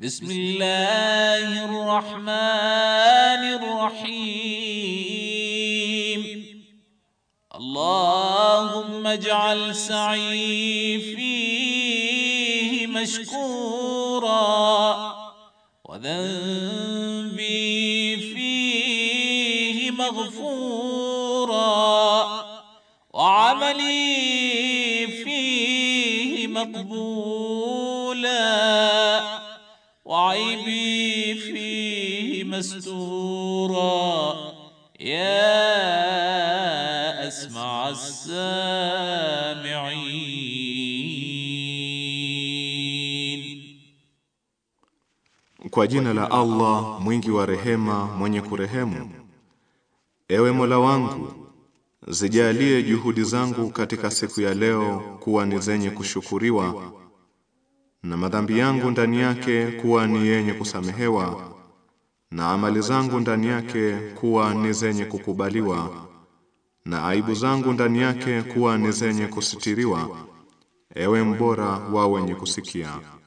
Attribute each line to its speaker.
Speaker 1: بسم الله الرحمن الرحيم اللهم اجعل سعي فيه مشكورا وذنبي فيه مغفورا وعملي فيه مقبولا وعيبي فيه مستورا يا أسمع السامعين
Speaker 2: Kwa jina la Allah mwingi wa rehema mwenye kurehemu Ewe Mola wangu zijalie juhudi zangu katika siku ya leo kuwa ni zenye kushukuriwa na madhambi yangu ndani yake kuwa ni yenye kusamehewa na amali zangu ndani yake kuwa ni zenye kukubaliwa na aibu zangu ndani yake kuwa ni zenye kusitiriwa, ewe mbora wa wenye kusikia.